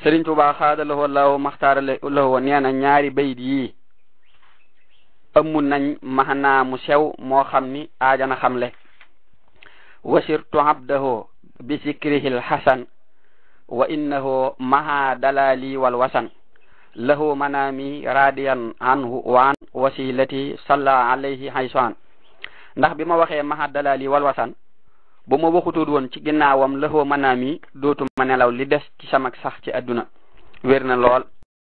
Serigne Touba xaadalahu wallahu maxtaara lahu nee na ñaari bayit yii ëmm nañ mahanaa mu sew moo xam ni aajana xamle wasirtu abdahu bi zikrihil hasan wa innahu maha dalali wal wasan lahu manami radiyan anhu waan wasilati salla alayhi haysan ndax bi ma waxee maha dalali wal wasan ba ma waxutood woon ci ginnaawam lëxoo manaam yi dootuma nelaw li des ci samak sax ci àdduna wér na lool